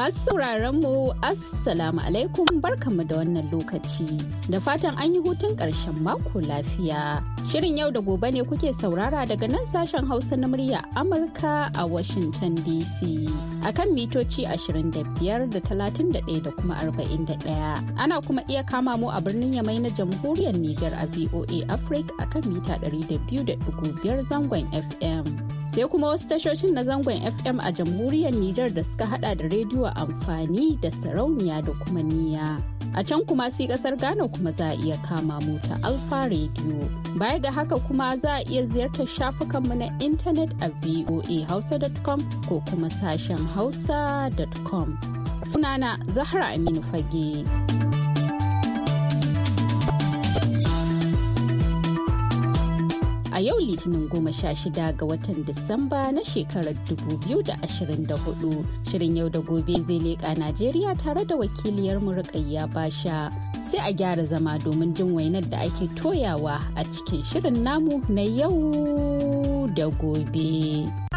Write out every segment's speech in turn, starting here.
Masu sauraron mu Assalamu alaikum barkanmu da wannan lokaci. Da fatan an yi hutun ƙarshen mako lafiya. Shirin yau da gobe ne kuke saurara daga nan sashen Hausa na murya Amurka a Washington DC. Akan mitoci 25 da 31 da kuma 41. Ana kuma iya kama mu a birnin Yamai na Jamhuriyar Nijar a VOA Africa kan mita 200.5 zangon FM. sai kuma wasu tashoshin na zangon fm a jamhuriyar nijar da suka hada da rediyo amfani da sarauniya da kuma niya a can kuma sai kasar ghana kuma za a iya kama mu ta alfa radio baya ga haka kuma za a iya ziyartar shafukanmu na intanet a voahausa.com ko kuma sashen hausa.com sunana zahra aminu fage. yau litinin goma sha shida ga watan Disamba na shekarar 2024. Shirin yau da gobe zai leƙa Najeriya tare da wakiliyar Murƙayya Basha. Sai a gyara zama domin jin wainar da ake toyawa a cikin shirin namu na yau da gobe.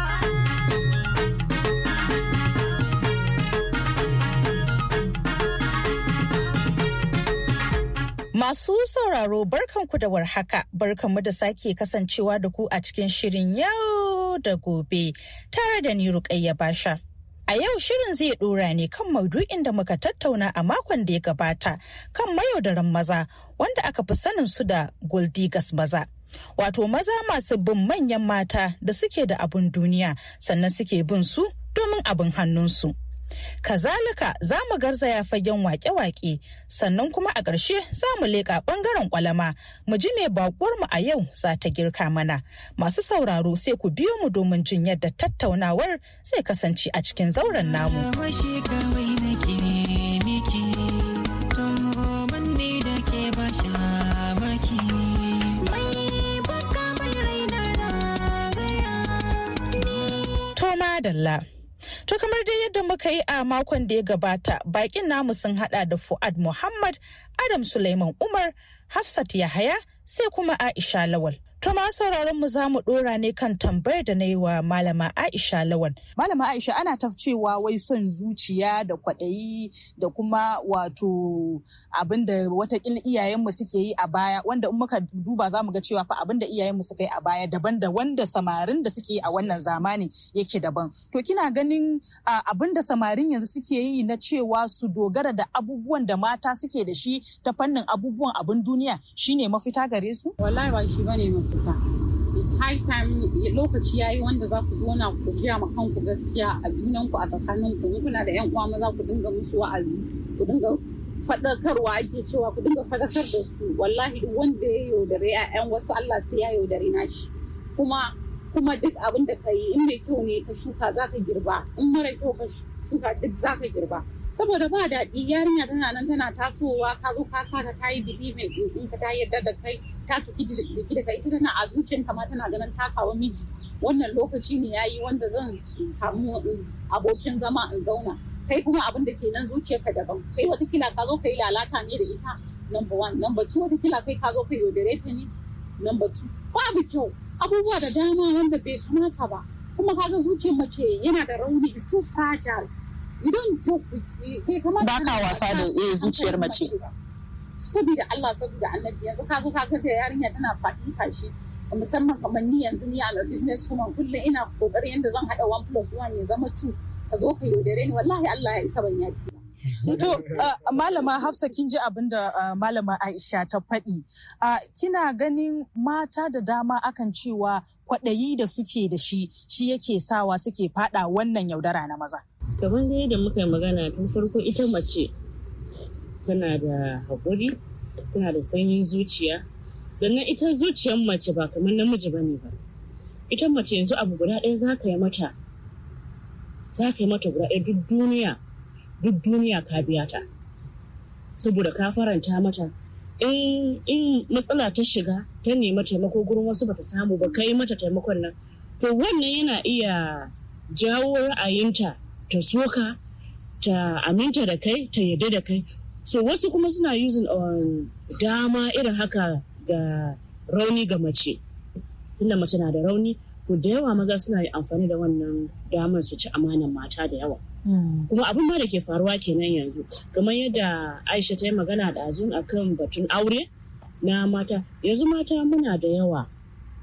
Masu sauraro barkanku da warhaka, barkanmu da sake kasancewa da ku a cikin shirin yau da gobe tare da ni Rukayya Basha. A yau shirin zai ɗora ne kan maudu'in da muka tattauna a makon da ya gabata kan mayaudaran maza wanda aka fi sanin su da Goldigas maza. Wato maza masu bin manyan mata da suke da abun duniya sannan suke bin su domin abin hannunsu. Kazalika za mu garzaya fagen wake-wake sannan kuma a ƙarshe za mu leƙa ɓangaren ƙwalama mu ji me baƙuwarmu a yau za ta girka mana. Masu sauraro sai ku biyo mu domin jin yadda tattaunawar zai kasance a cikin zauren namu. Dalla. To kamar dai yadda muka yi a makon da ya gabata bakin namu sun hada da Fuad Muhammad, Adam Suleiman Umar, Hafsat Yahaya sai kuma Aisha Lawal. To ma sauraron mu za mu dora ne kan tambayar da na wa Malama Aisha Lawan. Malama Aisha ana tafcewa wai son zuciya da kwaɗayi da kuma wato abin da watakila iyayenmu suke yi a baya wanda in muka duba za mu ga cewa fa abin da iyayenmu suka yi a baya daban da wanda samarin da suke yi a wannan zamani yake daban. To kina ganin abin da samarin yanzu suke yi na cewa su dogara da abubuwan da mata suke da shi ta fannin abubuwan abin duniya shine mafita gare su? Wallahi ba shi bane fita it's time lokaci yayi wanda za ku zona ku gaya ma kanku gaskiya a junanku a tsakaninku in kuna da yan uwa maza ku dinga musu wa'azi ku dinga fadakarwa ake cewa ku dinga faɗakar da su wallahi duk wanda ya yaudare 'ya'yan wasu Allah sai ya yaudare nashi kuma kuma duk abin da ka yi in mai kyau ne ka shuka za ka girba in mara kyau ka shuka duk za ka girba saboda ba daɗi yarinya tana nan tana tasowa ka zo ka saka ta yi believing mai ka ta yarda da kai ta saki jiki da kai ita tana a zuciyar, ma tana ganin ta sawa miji wannan lokaci ne yayi wanda zan samu abokin zama in zauna kai kuma abin da ke nan zuciyarka daban kai wata kila ka zo ka yi lalata ne da ita number one number two kila kai ka zo ka yaudare ta ne number two babu kyau abubuwa da dama wanda bai kamata ba kuma kaga zuciyar mace yana da rauni is too fragile don joke with kai kamar ba ka wasa da eh, zuciyar mace saboda Allah saboda annabi yanzu ka zo ka ga yarinya tana faɗi tashi musamman kamar ni yanzu ni a business woman kullum ina kokarin yanda zan hada 1 plus 1 ya zama 2 ka zo ka yaudare ni wallahi Allah ya isa ban yaki To, Malama Hafsa kin ji abin da Malama Aisha ta faɗi. Kina ganin mata da dama akan cewa kwaɗayi da suke da shi, shi yake sawa suke faɗa wannan yaudara na maza. kamar dai da muka yi magana tun farko ita mace tana da haƙuri tana da sanyin zuciya sannan ita zuciyar mace ba kamar namiji ba ne ba ita mace yanzu abu guda ɗaya za ka yi mata za ka yi mata guda ɗaya duk duniya duk duniya ka biya ta saboda ka faranta mata in matsala ta shiga ta nema taimako gurin wasu bata samu ba ka yi mata taimakon nan to wannan yana iya jawo ra'ayinta ta soka ta aminta da kai ta yarda da kai so wasu kuma suna using on um, dama irin haka ga rauni ga mace inda mace na da rauni ko da yawa maza suna yi amfani da wannan damar su ci amanan mata da yawa hmm. kuma abin ma da ke faruwa kenan yanzu kamar yadda aisha ta yi magana da azun akan batun aure na mata yanzu mata muna da yawa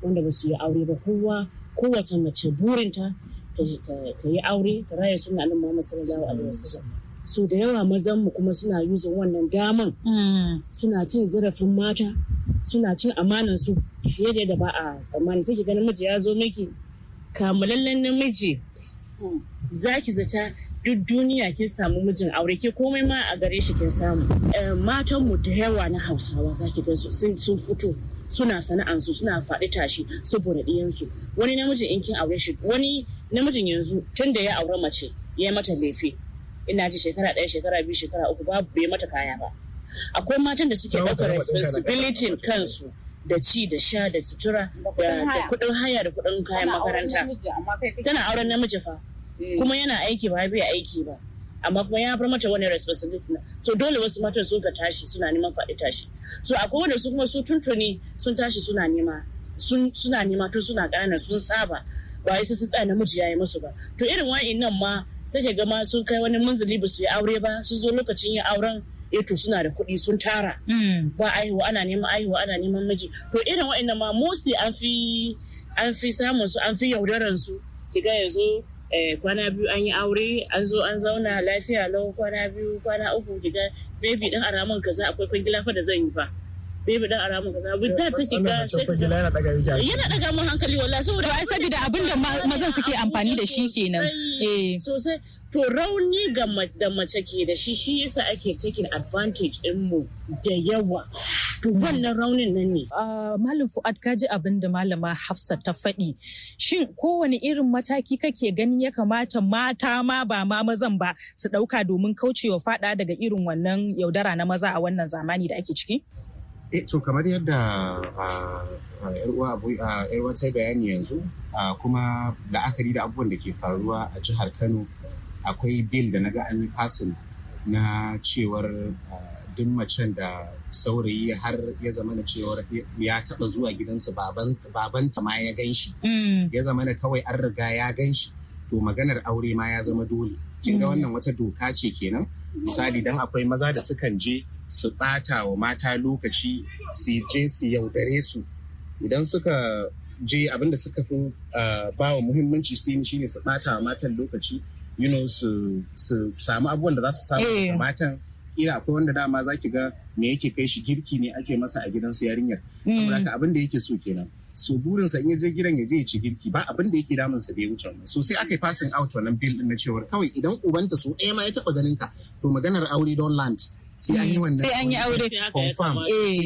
wanda ba su yi aure ba kowa kowace mace burinta ta yi aure ta raya suna nan Muhammad sallallahu alaihi wasallam so da yawa mazan mu kuma suna yuzin wannan daman mm. suna cin zarafin mata suna cin amanan su fiye da yadda ba a tsammani sai ki ga namiji ya zo miki kamulallen namiji mm. za ki zata duk duniya kin samu mijin aure ke komai ma a gare shi kin samu eh, matan mu da yawa na hausawa za ki su? sun fito suna sana'ansu suna faɗi tashi saboda ɗiyansu wani namijin in kin aure shi wani namijin yanzu tun da ya aure mace ya mata laifi ina ji shekara ɗaya shekara biyu shekara uku babu bai mata kaya ba akwai matan da suke ɗaukar responsibility kansu da ci da sha da sutura da kuɗin haya da kuɗin kayan makaranta tana auren namiji fa mm. kuma yana aiki ba bai aiki ba amma kuma ya bar mata wani responsibility na so dole wasu matan sun ka tashi suna neman faɗi tashi so akwai wanda su kuma su tuntuni sun tashi suna nema suna nema tun suna ƙanana sun saba ba wai sun tsaya namiji ya yi musu ba to irin wa'in nan ma sai ga gama sun kai wani munzili ba su yi aure ba sun zo lokacin yin auren eto eh suna da kuɗi sun tara hmm. ba aihuwa ana neman aihuwa ana neman miji to irin wa'in nan ma mostly an fi samun su an fi yaudaran su ki ga yanzu Eh, kwana biyu an yi aure an zo an zauna lafiya lau kwana biyu kwana uku daga baby din a ramin kaza akwai kwangila fa da zan yi fa bai da ara mun kaza bin ta ce kika yana daga mun hankali wallahi saboda ai saboda abin da mazan suke amfani da shi kenan eh sosai to rauni ga da mace ke da shi shi yasa ake taking advantage din mu da yawa to wannan raunin nan ne ah, malam Fuad kaji abin da malama Hafsa ta faɗi shin kowane irin mataki kake gani ya kamata mata ma ba ma mazan ba su ɗauka domin kaucewa fada daga irin wannan yaudara na maza a wannan zamani da ake ciki eh to kamar yadda yarwa ta bayani yanzu kuma la'akari da abubuwan da ke faruwa a jihar kano akwai bil da na ga an fasin na cewar duk macen da saurayi har ya zama na cewar ya taɓa zuwa gidansa babanta ma ya gan shi mm. ya zama na kawai an riga ya gan shi to maganar aure ma ya zama dole kin ga mm. wannan wata doka ce kenan misali dan akwai maza da sukan je su bata wa mata lokaci su je su yaudare su idan suka je abinda suka fi ah, ba wa muhimmanci su shine su batawa wa matan lokaci you know su samu abubuwan da za su samu eh. matan kila akwai wanda dama za ki ga me yake kai shi girki ne ake masa a gidansu yarinyar hmm. saboda haka abin yake so kenan so burinsa in ya je gidan ya je ya ci girki ba abin da yake damunsa da ya wuce wannan so sai aka yi passing out wannan bill din na cewar kawai idan ubanta so ɗaya ma ya taɓa ganin ka to maganar aure don land sai an yi mm, wannan sai an yi aure confirm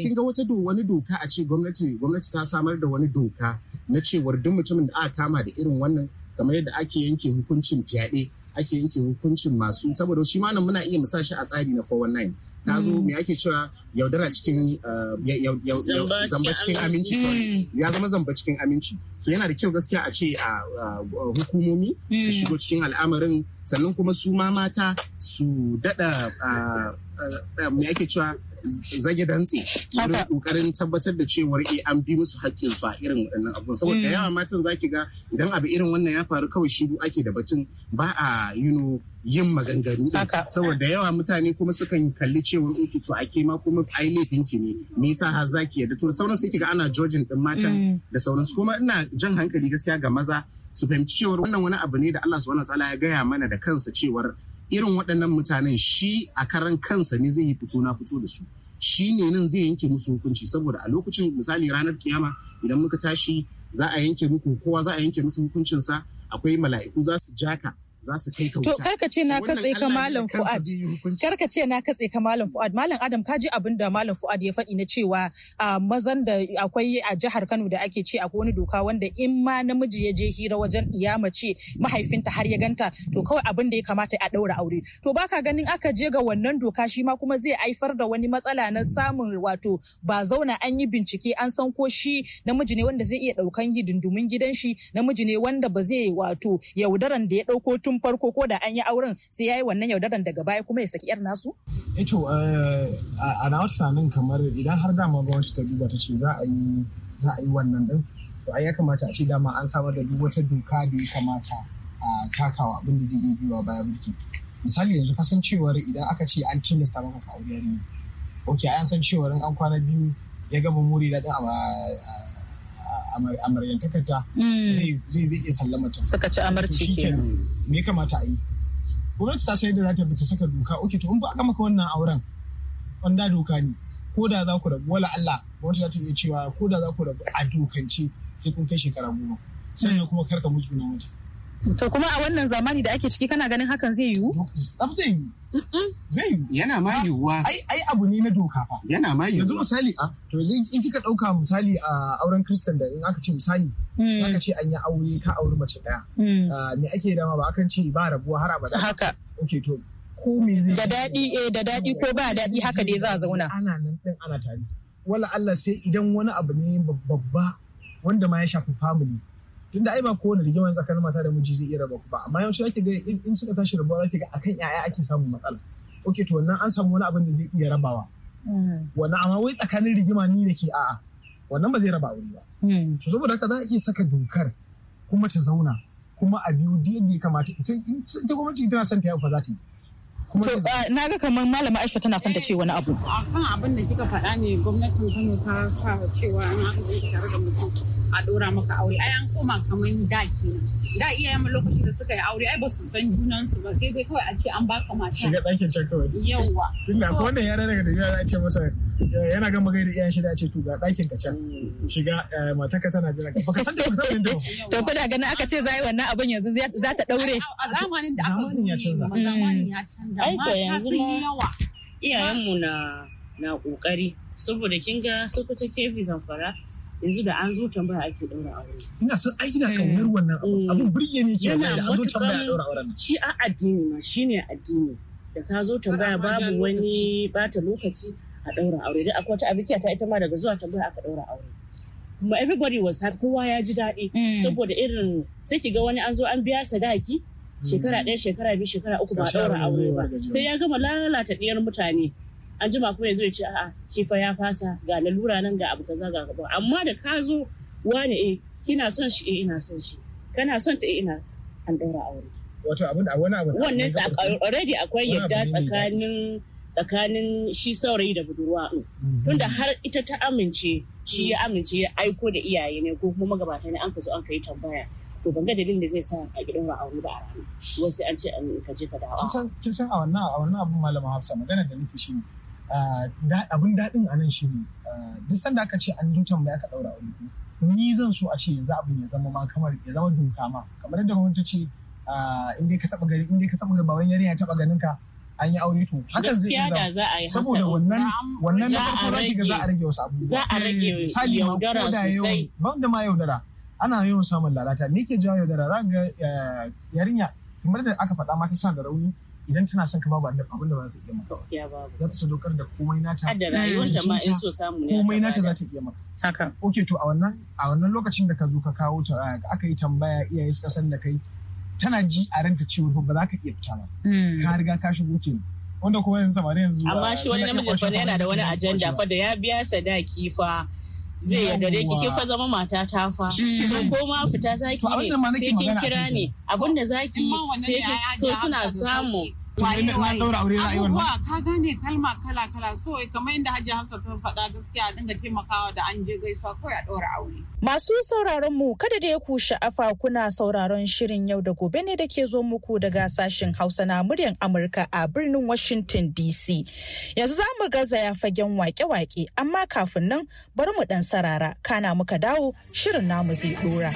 kin ga wata wani doka a ce gwamnati gwamnati ta samar da wani doka na cewar duk mutumin da aka kama da irin wannan kamar yadda ake yanke hukuncin fyaɗe ake yanke hukuncin masu saboda shi ma nan muna iya musashi a tsari na 419 ta zo mm. me ake cewa yaudara cikin uh, zamba cikin aminci mm. ya zama zamba cikin aminci so yana da kyau gaskiya a ce a hukumomi su mm. shigo cikin al'amarin sannan kuma su ma mata su dada me ake cewa zage dantse wurin kokarin tabbatar da cewar eh an bi musu hakkin su a irin waɗannan abubuwan saboda mm. yawa matan zaki ga idan abu irin wannan ya faru kawai shiru ake da batun ba a you know yin maganganu saboda yawa mutane kuma sukan kalli cewar uku to ake ma kuma ai laifin ki ne me yasa har zaki yarda to sauran su kiga ana jojin din matan mm. da sauransu kuma ina jan hankali gaskiya ga maza su fahimci cewar wannan wani abu ne da Allah subhanahu wataala ya gaya mana da kansa cewar irin waɗannan mutanen shi a karan kansa ne zai yi fito na fito da su shi ne nan zai yanke musu hukunci saboda a lokacin misali ranar kiyama idan muka tashi za a yanke muku kowa za a yanke musu hukuncinsa akwai mala'iku za su jaka to karka ce na katse ka malam Fuad. ce na katse ka malam Fuad. Malam Adam ka ji abin da malam Fuad ya faɗi na cewa mazan da akwai a jihar Kano da ake ce akwai wani doka wanda in ma namiji ya je hira wajen iya mace mahaifinta har ya ganta to kawai abin da ya kamata a ɗaura aure. To baka ganin aka je ga wannan doka shi ma kuma zai haifar da wani matsala na samun wato ba zauna an yi bincike an san ko shi namiji ne wanda zai iya ɗaukan hidindumin gidan shi namiji ne wanda ba zai wato yaudaran da ya ɗauko tun tun farko ko da an yi auren sai ya yi wannan yaudaran daga baya kuma ya saki yar nasu? Eto, eh eh, a na tunanin kamar idan har dama gwamnati ta duba ta ce za a yi za a yi wannan din to ai ya kamata a ce dama an samar da duk wata doka da ya kamata a takawa abin da zai iya biyuwa baya mulki misali yanzu kasancewar idan aka ce an tilasta maka ka aure ne ok an san cewar an kwana biyu ya gama muri da a amaryantakarta mm. zai zai iya sallama ta suka ci amarci kenan me kamata a yi gwamnati ta sayar da za ta bi ta saka doka oke to in ba a ka wannan auren wanda doka ne ko da za ku rabu wala Allah gwamnati za ta iya cewa ko da za ku rabu a dokance sai kun kai shekara goma sannan kuma kar ka na mata To kuma a wannan zamani da ake ciki kana ganin hakan zai yiwu? Zai yiwu. Zai yiwu. Yana ma ah, yiwuwa. Ai ai abu ne na doka fa. Yana ma yiwuwa. Yanzu misali a ah, to yanzu in kika ɗauka misali a ah, auren Kristan da in aka ce misali hmm. aka ce an yi aure ka auri mace daya. Hmm. Me ake dama ba akan ce ba rabuwa har abada. Haka. Okay to ko me zai Da daɗi eh da daɗi ko ba daɗi haka dai za a zauna. Ana nan ɗin ana tare. Wala Allah sai idan wani abu ne babba wanda ma ya shafi family. tunda ai ba kowane rigima tsakanin mata da miji zai iya raba ku ba amma yawanci ake ga in suka tashi rabuwa zaki ga akan yaya ake samun matsala oke to wannan an samu wani abin da zai iya rabawa hmm. wannan amma wai tsakanin rigima ni da ke a'a wannan ba zai raba wuri ba hmm. to saboda haka za a iya saka dokar kuma ta zauna kuma a biyu da yadda ya kamata ita gwamnati tana son ta yi ba za ta yi To ah, na ga kamar malama Aisha tana son ta ce wani abu. Eh, akan abin da kika faɗa ne gwamnatin Kano ta sa cewa an an tare da mutum a dora maka aure ai an koma kamar da kenan da iyayen mu lokacin da suka yi aure ai ba su san junan su ba sai dai kawai a ce an baka mata shiga ɗakin can kawai yawa tunda ko wannan ya daga tafiya za a ce masa eh, yana gama gaida iyayen shi da a ce to ga ɗakin ka can mm. shiga eh, mataka tana jira ka baka san da baka san da to kuna ganin aka ce zai wannan abin yanzu za ta daure a zamanin da aka zamanin ya canza zamanin ya canza ai ko yanzu yawa iyayen mu na na kokari saboda kinga ga Sokoto Kefi Zamfara yanzu da an zo tambaya ake daura aure. Ina son ai ina kaunar wannan abun eh. birge ne ke da an zo tambaya ɗaura aure. Shi a addini ma shi ne addini da ka zo tambaya babu wani bata lokaci a daura aure da akwai wata abikiya ta ita ma daga zuwa tambaya aka daura aure. Kuma everybody was happy kowa ya ji daɗi mm. saboda irin sai ki ga wani an zo an biya sadaki shekara mm. ɗaya shekara biyu shekara uku ba a ɗaura aure ba sai ya gama lalata ɗiyar mutane. an jima kuma yanzu ya ce a'a shi fa ya fasa ga lalura nan ga abu kaza ga gaba amma da ka zo wani eh kina son shi eh ina son shi kana son ta eh ina an daura aure wato abin a wani abu wannan already akwai yadda tsakanin tsakanin shi saurayi da budurwa din mm-hmm. tunda har ita ta amince shi ya amince ya aiko da iyaye ne ko kuma magabata ne an ka zo an kai tambaya to ban ga dalilin da zai sa a gidan wa aure ba a rana wasu an ce an ka je ka dawo kin san a wannan a wannan abin malama Hafsa magana da nake shi ne Ah, abin daɗin a nan shi ne ah, duk sanda aka ce an zuta mai aka ɗaura aure ni zan so a ce yanzu abin ya zama ma kamar ya zama doka ma kamar yadda gwamnati ce ah, in dai ka taɓa gari in dai ka taɓa gari gabawan yarinya taɓa ganin ka an yi aure to haka zai iya zama saboda wannan wannan na farko za ga za a rage wasu abubuwa za a rage eh, yaudara sosai ban da ma yaudara ana yawan samun lalata Ni ke jawo yaudara za ga eh, yarinya kamar da aka faɗa mata sa da rauni idan kana son ka babu annabi abin da ba za ta iya maka ba za ta sadaukar da komai na ta da rayuwarta ma in so samu ne komai ta za ta iya maka haka okay to a wannan a wannan lokacin da ka zo ka kawo ta aka yi tambaya iyaye suka san da kai tana ji a ranta cewa ba za ka iya fita ba hmm. ka riga ka shigo ke wanda kuma yanzu samari yanzu amma shi wani namiji fa yana da wani ajanda fa da ya biya sadaki fa zai yarda da kike fa zama mata ta fa ko ma fita zaki ne sai kin kira ne abinda zaki sai to suna samu waye waye abubuwa ka gane kalma kala kala so kamar yadda hajji hamsa ta faɗa gaskiya dinga taimakawa da an je gaisa ko ya ɗora aure. masu sauraron mu kada da ya ku sha'afa kuna sauraron shirin yau da gobe ne da ke zo muku daga sashen hausa na muryar amurka a birnin washington dc yanzu za mu garzaya fagen wake-wake amma kafin nan bari mu dan sarara kana muka dawo shirin namu zai ɗora.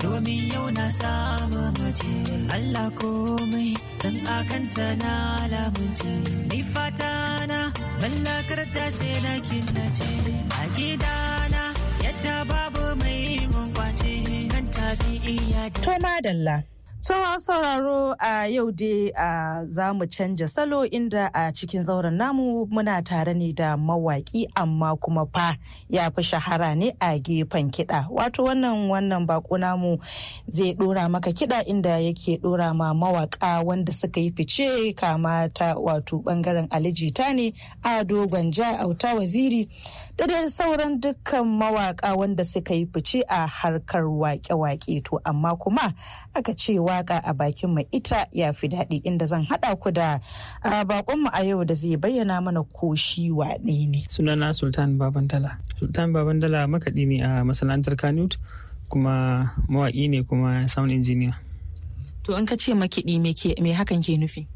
domin yau na samu mace Allah ko komai dan akanta na lamunce ni fata na mallakar tashe na kinnace a gidana yadda babu mai mun kwace kan tasi iya to madalla tsawon sauraro a yau dai a zamu canja salo inda a cikin zauren namu muna tare ne da mawaki amma kuma fa ya fi shahara ne a gefen kiɗa. Wato wannan wannan bako namu zai ɗora maka kiɗa inda yake ɗora ma mawaka wanda suka yi fice kama ta wato ɓangaren alijita ne ado gwanja ja auta waziri da dai sauran dukkan mawaka wanda suka yi fice a harkar wake-wake to amma kuma aka cewa waka a bakin mai ita ya fi daɗi inda zan haɗa ku da bakon mu a yau da zai bayyana mana ko shi wane ne. Sunana Sultan Babandala. Sultan Babandala makaɗi ne a masana'antar Kanut kuma mawaƙi ne kuma sound engineer. To in ka ce makiɗi me hakan ke nufi?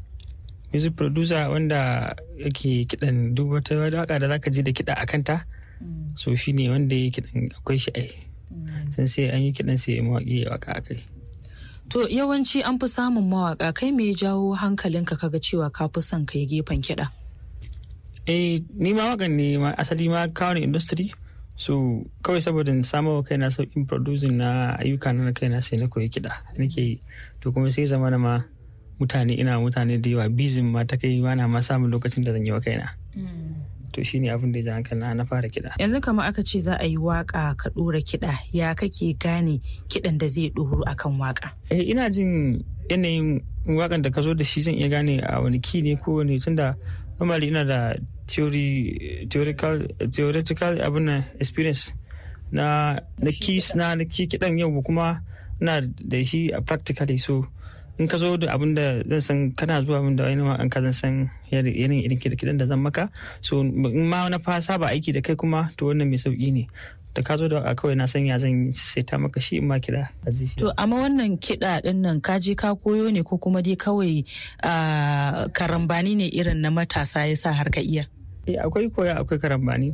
Music producer wanda yake kiɗan duk wata waka da zaka ji da kiɗa a kanta. Mm. So shi ne wanda ya kiɗan akwai shi ai. Mm. Sun sai an yi kiɗan sai mawaƙi ya waka akai. To yawanci an fi samun mawaka kai me ya jawo hankalinka kaga cewa ka fi son kai gefen kiɗa? Eh ni ma wagan ne ma asali ma kawo ne industry so kawai saboda na samu kai na sauƙin producing na ayyuka na kai na sai na koyi kiɗa nake to kuma sai zama na ma mutane ina mutane da yawa bizin ma ta kai ma na ma samun lokacin da zan yi wa kaina. Mm. to shine abin da ya hankali na fara kiɗa yanzu kamar aka ce za a yi waka ka ɗora kiɗa ya kake gane kiɗan da zai ɗoro akan waka eh ina jin yanayin wakan da ka zo da shi zan iya gane a wani ki ne ko wani tunda normally ina da theory theoretical theoretical abin experience na na na na kiɗan yau kuma na da shi a practically so in ka zo da abin da zan san kana zuwa abin da wani ka zan san yanayin irin kiɗe-kiɗen da zan maka so in ma na fa saba aiki da kai kuma to wannan mai sauki ne da ka zo da a kawai na sanya zan saita maka shi in ma kiɗa a to amma wannan kiɗa ɗin nan ka je ka koyo ne ko kuma dai kawai karambani ne irin na matasa ya sa har ka iya eh akwai koya akwai karambani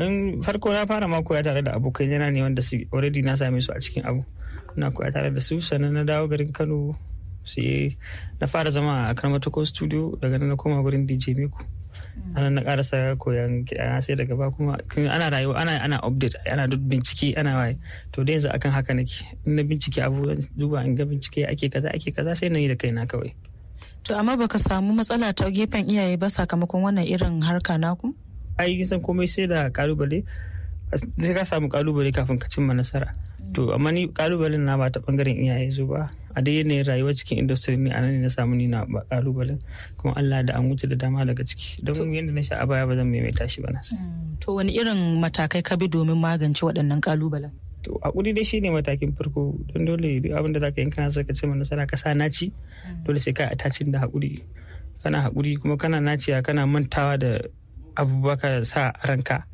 in farko na fara ma koya tare da abokai yana ne wanda already na same su a cikin abu na koya tare da su sannan na dawo garin Kano sai na fara zama a karmatako studio daga nan na koma gurin dj miku mm. ana na karasa koyan kiɗa sai daga ba kuma ana rayuwa ana ana update ana duk bincike ana waye to da yanzu akan haka nake in na bincike abu duba in ga bincike ake kaza ake kaza sai na yi da kaina kawai to amma baka samu matsala ta gefen iyaye ba sakamakon wannan irin harka naku ai san komai sai da kalubale sai ka samu kalubale kafin ka cimma nasara to amma ni kalubalen na ba ta bangaren iyaye zo ba a dai yanayin rayuwa cikin industry ne anan ne na samu ni na kalubalen kuma Allah da an wuce da dama daga ciki don yadda na sha a baya ba zan maimaita shi ba na mm, to wani irin matakai ka bi domin magance waɗannan kalubalen to hakuri dai shine matakin farko don dole abin da zaka yi kana so ka cimma nasara ka sa naci mm. dole sai ka attachin da hakuri kana hakuri kuma kana naciya kana mantawa da abu baka sa ranka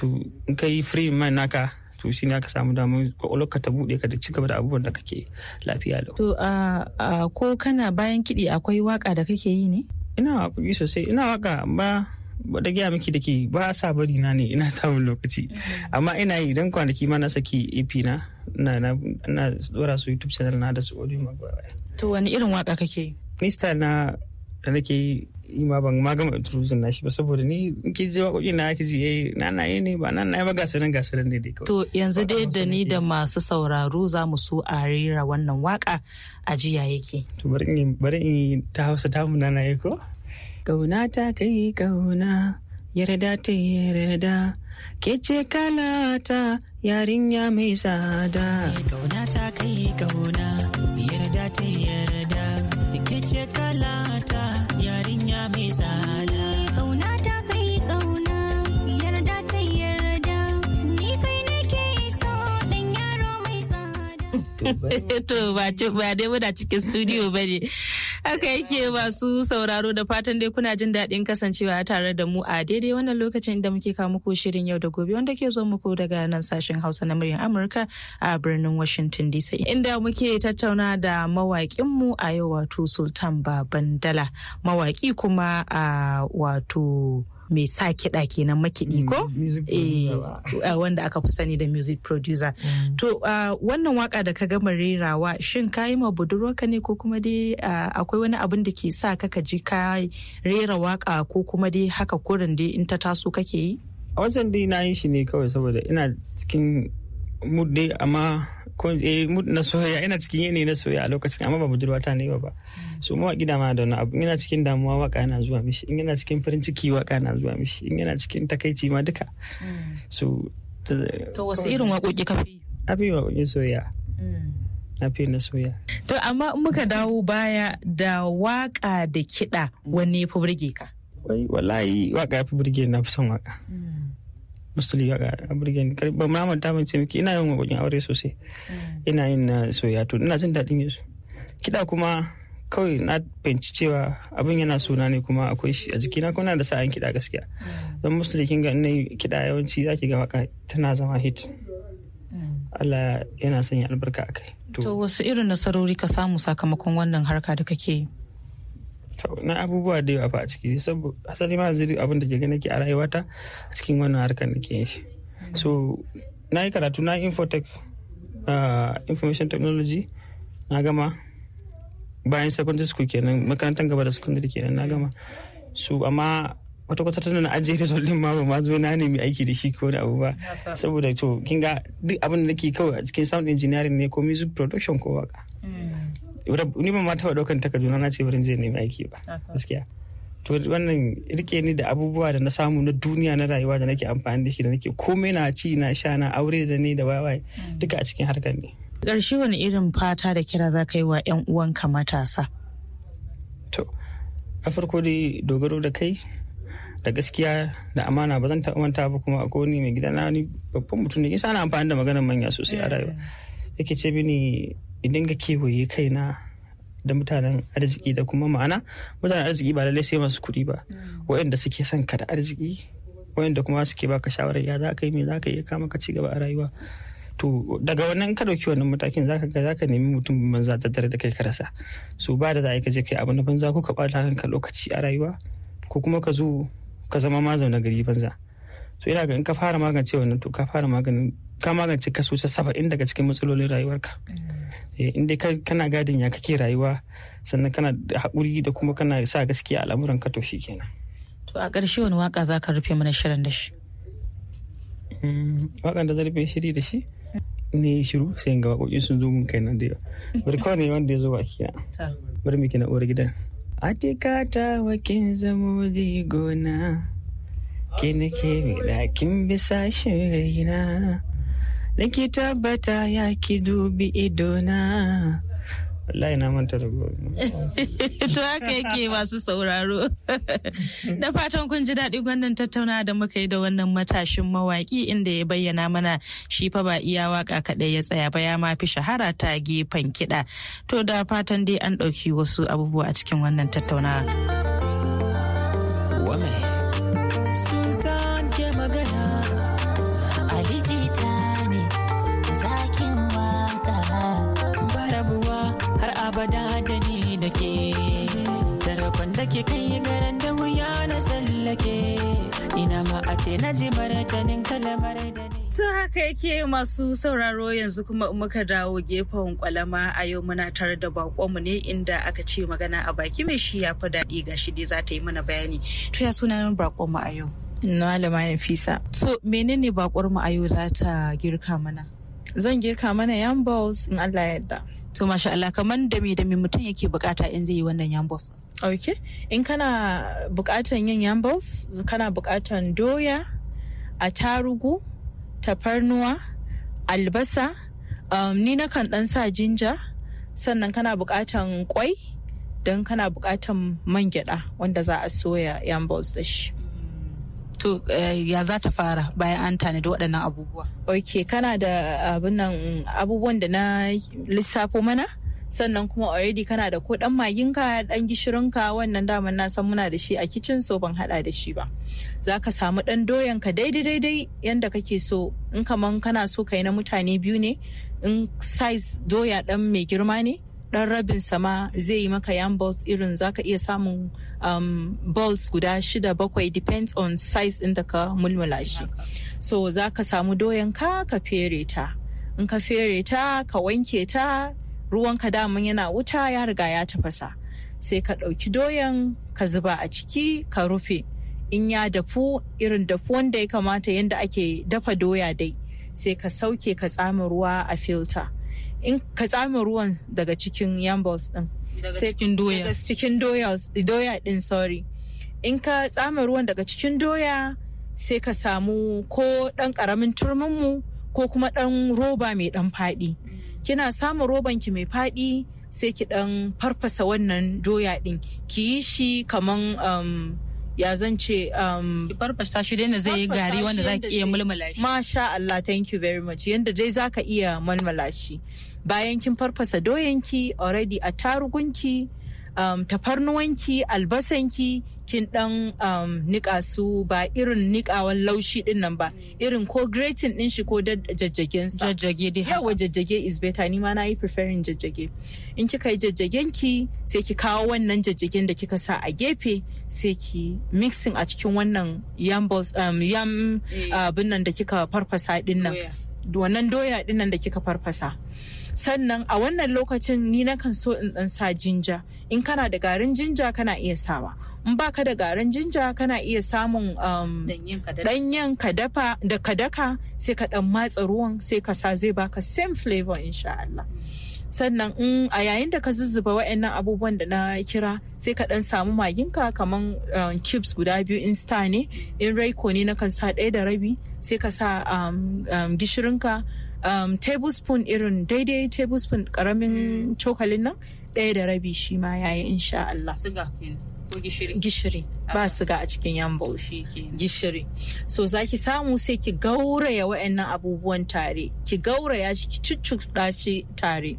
to in ka yi free mind naka to shi ne aka samu damar kwakwalwarka ta bude ka da ci da abubuwan da kake lafiya lau. to a ko kana bayan kiɗi akwai waka da kake yi ne. ina waƙoƙi sosai ina waka ba da gaya miki da ke ba sa bari na ne ina samun lokaci amma ina yi idan kwanaki ma na saki ep na na na dora su youtube channel na da su audio magwaya to wani irin waka kake yi ni na da nake yi yi ma ban ma gama introducing nashi ba saboda ni in ke je waƙoƙi na ake ji eh, na na yi ne ba na na yi ba gasarin gasarin ne dai kawai to yanzu dai da ni da masu sauraro za mu so a rera wannan waka a jiya yake to bari in bari in ta Hausa ta mu na yi ko kauna ta kai kauna yarda ta yarda ke ce kalata yarinya mai tsada kauna ta kai kauna yarda ta yarda ke ce kalata mai tsada ta kai yarda yarda ni kai nake isa yaro mai tsada to ba dai cikin studio bane Haka yake masu sauraro da fatan dai kuna jin daɗin kasancewa tare da mu a daidai wannan lokacin da muke kawo muku shirin yau da gobe wanda ke zo muku daga nan sashen Hausa na muryar Amurka a birnin Washington DC. Inda muke tattauna da mawaƙin mu a yau wato Sultan Babandala mawaƙi kuma a wato mai sa kiɗa kenan makiɗi mm, ko eh, a wanda aka fi sani da music producer mm. to wannan waka da ka gama rerawa shin ka yi ma ne ko kuma dai akwai wani abin da ke sa ka ka ji ka rera waka ko kuma dai haka kurin dai in ta taso kake yi a wancan dai na yi shi ne kawai saboda ina cikin mood dai amma Eh, na soyayya ina cikin yanayi na soyayya a lokacin amma ba budurwa ta ne ba so mu waƙi ma da wani abu ina cikin damuwa waka na zuwa mishi in yana cikin farin ciki waka na zuwa mishi in yana cikin takaici ma duka mm. so to wasu irin waƙoƙi ka fi na fi waƙoƙin soyayya na fi na soyayya to amma in muka dawo baya da waka da kiɗa wanne ya fi burge ka wallahi waka ya fi burge na fi son waka mm. musuli ga abirgen ba ma manta mun ce miki ina yin wakokin aure sosai mm. ina yin na soya to ina jin daɗin yin su kiɗa kuma kawai na fahimci cewa abin yana suna ne kuma akwai shi a jikina kuma na da sa'an kiɗa gaskiya mm. don musuli kin ga ina kiɗa yawanci zaki ga waka tana zama hit mm. Allah yana sanya albarka a kai. To wasu irin nasarori ka samu sakamakon wannan harka da kake yi? na abubuwa da yawa a ciki saboda asali ma yanzu abin da ke gani ke a rayuwata a cikin wannan harkar da ke shi so na yi karatu na infotech ah, information technology na gama bayan secondary school kenan makarantar gaba da secondary kenan na gama so amma wata kwata tana na ajiye da zolin ma ba ma zo na nemi aiki da shi ko da abu ba saboda to kinga duk abin da nake kawai a cikin sound engineering ne ko music production ko waka mm. ni ba ma taɓa ɗaukan takardu na ce barin zai nemi aiki ba gaskiya to wannan rike ni da abubuwa da na samu na duniya na rayuwa da nake amfani da shi da nake komai na ci na sha na aure da ni da wawaye mm. duka a cikin harkar ne ƙarshe wani irin fata da kira za ka yi wa 'yan uwanka matasa to a farko dai dogaro da kai da gaskiya da amana ba zan taɓa manta ba kuma akwai wani mai gida na wani babban mutum ne yasa ana amfani da maganar manya sosai a rayuwa mm. yake ce mini in dinga kewaye kaina da mutanen arziki da kuma ma'ana mutanen arziki ba lallai sai masu kuɗi ba mm. waɗanda suke son ka da arziki waɗanda kuma suke baka shawarar ya za ka yi me za ka iya kama ka ci gaba a rayuwa to daga wannan ka dauki wannan matakin zaka ga zaka nemi mutum banza za da kai ka rasa su ba da za ka je kai abu na banza ko ka bata kanka lokaci a rayuwa ko kuma ka zo ka zama ma gari banza so ina ga in ka fara magance wannan to ka fara maganin ka magance kaso saba'in daga cikin matsalolin rayuwarka mm. eh, inda ka kana gadin ya kake rayuwa sannan kana haƙuri da kuma kana sa gaskiya al'amuran ka to kenan. to a ƙarshe wani waka za ka rufe mana shirin da shi hmm, wakan da zarfe shiri da shi ne shiru sai ga sun zo mun kai nan da yawa bari ne wanda ya zo baki na bari mu kina uwar gidan atika ta wakin zamo gona ke nake bi ɗakin bisa shirina nake tabbata ya ki dubi idona wallahi na manta da gobe to haka yake masu sauraro da fatan kun ji daɗi wannan tattauna da muka yi da wannan matashin mawaƙi inda ya bayyana mana shi fa ba iya waka kaɗai ya tsaya ba ya ma fi shahara ta gefen kiɗa to da fatan dai an ɗauki wasu abubuwa a cikin wannan tattaunawa. fada da ni da ke tarkon da ke kai garan da wuya na tsallake ina ma a ce na ji kalamar da ni To haka yake masu sauraro yanzu kuma muka dawo gefen kwalama a yau muna tare da bakonmu ne inda aka ce magana a baki mai shi ya fi daɗi ga shi dai za ta yi mana bayani. To ya bakon bakonmu a yau. Malama fisa. So menene bakonmu a yau za ta girka mana? Zan girka mana yam balls in Allah ya yadda. to masha Allah kamar da me da me mutum yake bukata in zai yi wannan yambos ok in kana bukatan yin yambos kana bukatan doya atarugu tafarnuwa albasa um, ni na kan dan sa jinja sannan kana bukatan kwai don kana bukatan man gyada wanda za a soya yambos da shi to eh, ya za ta fara bayan an tanadi waɗannan abubuwa ok kana da abin abubuwan da na lissafo mana sannan kuma already kana da ko dan maginka dan gishirinka wannan daman na san muna da shi a kicin so ban hada da shi ba za ka samu dan doyanka daidai daidai yanda kake so in kaman kana so ka yi na mutane biyu ne in size doya dan mai girma ne dan rabin sama zai yi maka yan balls irin zaka iya samun um, balls guda shida bakwai depends on size in da ka mulmula shi so za ka samu doyan ka ka fere ta in ka fere ta ka wanke ta ruwan ka daman yana wuta ya riga ya tafasa sai ka ɗauki doyan ka zuba a ciki ka rufe in ya dafu irin dafu wanda ya kamata yadda ake dafa doya dai sai ka sauke ka tsama ruwa a filta in ka tsama ruwan daga cikin yambals din daga cikin doya daga doya din sorry in ka tsama ruwan daga cikin doya sai ka samu ko dan karamin turmin mu ko kuma dan roba mai dan fadi mm. kina samun roban ki mai fadi sai ki dan farfasa wannan doya din ki yi shi kaman um, ya zan ce um, farfasa shi dai zai yi gari wanda za iya mulmula shi masha Allah thank you very much yanda dai za ka iya mulmula shi bayan kin farfasa doyanki already a tarugunki um, tafarnuwanki albasanki kin dan um, nika su ba irin nikawan laushi din nan ba irin ko grating din shi ko jajjagen sa jajjage dai yawa jajjage is better ni ma na yi preferring jajjage in kika yi jajjagen ki sai ki kawo wannan jajjagen da kika sa a gefe sai ki mixing a cikin wannan yam um, eh. abin nan da kika farfasa din nan wannan doya dinnan da kika farfasa sannan a wannan lokacin ni na kan so in dan sa jinja in kana da garin jinja kana iya sawa in baka da garin jinja kana iya samun um, ka kadafa da kadaka sai ka ɗan matsa ruwan sai ka sa zai baka same flavor insha Allah. sannan in a yayin da ka zuzzuba wa'annan abubuwan da na kira sai ka dan samu maginka kaman eh, cubes guda biyu in star ne in raiko ne na kan sa ɗaya da rabi sai ka sa um, um, gishirinka um, tablespoon irin daidai tablespoon karamin mm. cokalin nan ɗaya da rabi shi ma yayi insha Allah. gishiri gishiri ah. ba ga a cikin yambol gishiri so zaki samu sai ki gauraya wa'annan abubuwan tare ki gauraya shi ki cuccuɗa shi tare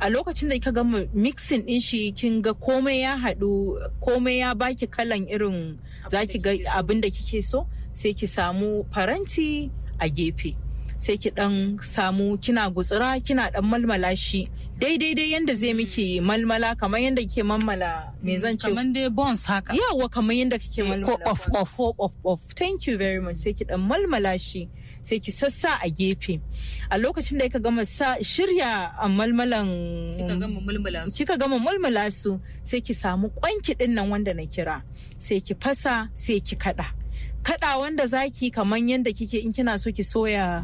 a lokacin da kika gama mixing din shi kin ga komai ya haɗu komai ya baki kalan irin zaki ga abin da kike so sai ki samu faranti a gefe sai ki dan samu kina gutsura kina dan malmala shi daidai dai yanda zai miki mm. malmala kamar yanda kike malmala me zan ce kamar dai bones haka yawa kamar yanda kike eh, malmala of of of ko off thank you very much sai ki dan malmala shi sai ki sassa a gefe a lokacin da kika gama sa shirya a malmalan kika gama malmala su sai ki samu kwanki din nan wanda na kira sai ki fasa sai ki kada kada wanda zaki kamar yadda kike in kina so ki soya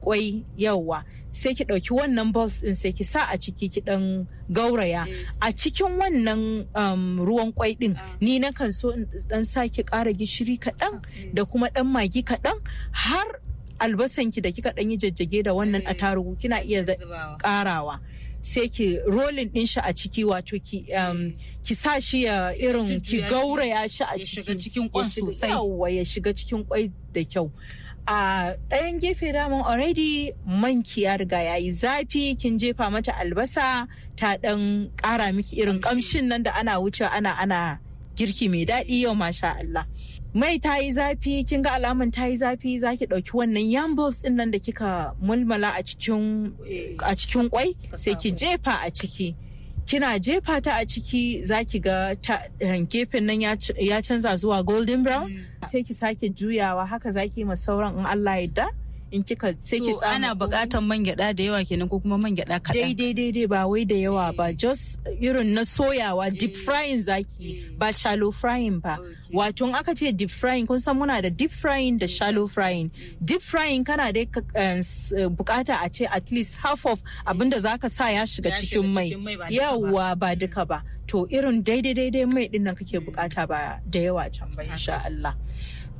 kwai yawa sai ki ɗauki wannan balls ɗin sai ki sa a ciki ki dan gauraya a cikin wannan um, ruwan kwai ɗin ah. ni na kan so in ɗan sa ki ƙara gishiri kaɗan ah, mm. da kuma ɗan magi kaɗan har albasanki da kika ɗan yi jajjage da wannan eh. attarugu kina iya ƙarawa sai ki rolin din shi a ciki wato ki um, ki sa shi ya irin ki gauraya shi a ciki ya shiga cikin ya shiga cikin kwai da kyau a ɗayan gefe daman already ki ya riga ya yi zafi kin jefa mata albasa ta ɗan kara miki irin kamshin nan da ana wucewa ana ana girki mai daɗi yau masha Allah. Mai ta yi zafi, kin ga alaman ta yi zafi za ki ɗauki wannan yambos ɗin nan da kika mulmala a cikin kwai sai ki jefa a ciki. Kina jefa ta a ciki za ki ga eh, gefen nan ya canza zuwa golden brown mm. sai ki sake juyawa haka za ki yi sauran in Allah ya yarda in kika sai ki samu ana bukatan man gyada da yawa kenan ko kuma man gyada kaɗan dai daidai ba wai da yawa ba eh. just irin na soyawa eh. deep frying zaki eh. ba shallow frying ba wato in aka ce deep frying kun san muna da deep frying da shallow frying deep frying kana dai bukata a ce at least half of abinda zaka sa ya shiga cikin mai yawa ba mm. duka ba to irin daidai daidai mai din kake bukata ba da yawa can ba insha Allah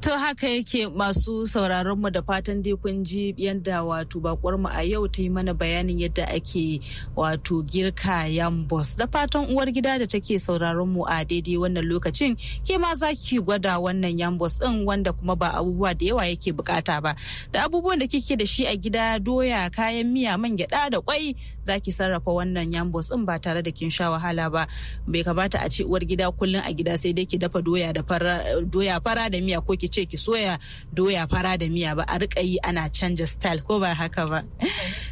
To haka yake masu sauraronmu da fatan dai kun ji yadda wato bakwar a yau ta yi mana bayanin yadda ake wato girka yambos da fatan uwar gida da take sauraronmu a daidai wannan lokacin ke ma za ki gwada wannan yambos din wanda kuma ba abubuwa da yawa yake bukata ba da abubuwan da kike da shi a gida doya kayan miya man gyada da kwai za ki sarrafa wannan yambos din ba tare da kin sha wahala ba bai kamata a ce uwar gida kullum a gida sai dai ki dafa doya da fara doya fara da miya ko ki ce ki soya doya fara da miya ba a rika yi ana canja style ko ba haka ba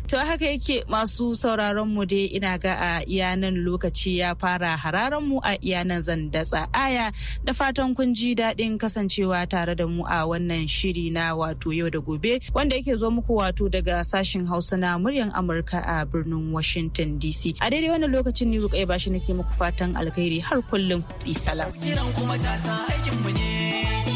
to haka yake masu sauraron mu dai ina ga a iyanan lokaci ya fara hararan mu a iyanan zan datsa aya da fatan kun ji daɗin kasancewa tare da mu a wannan shiri na wato yau da gobe wanda yake zo muku wato daga sashen hausa na muryan amurka a birnin washington dc a daidai wannan lokacin ne ruƙai bashi nake muku fatan alkhairi har kullum bi kiran kuma aikin mu ne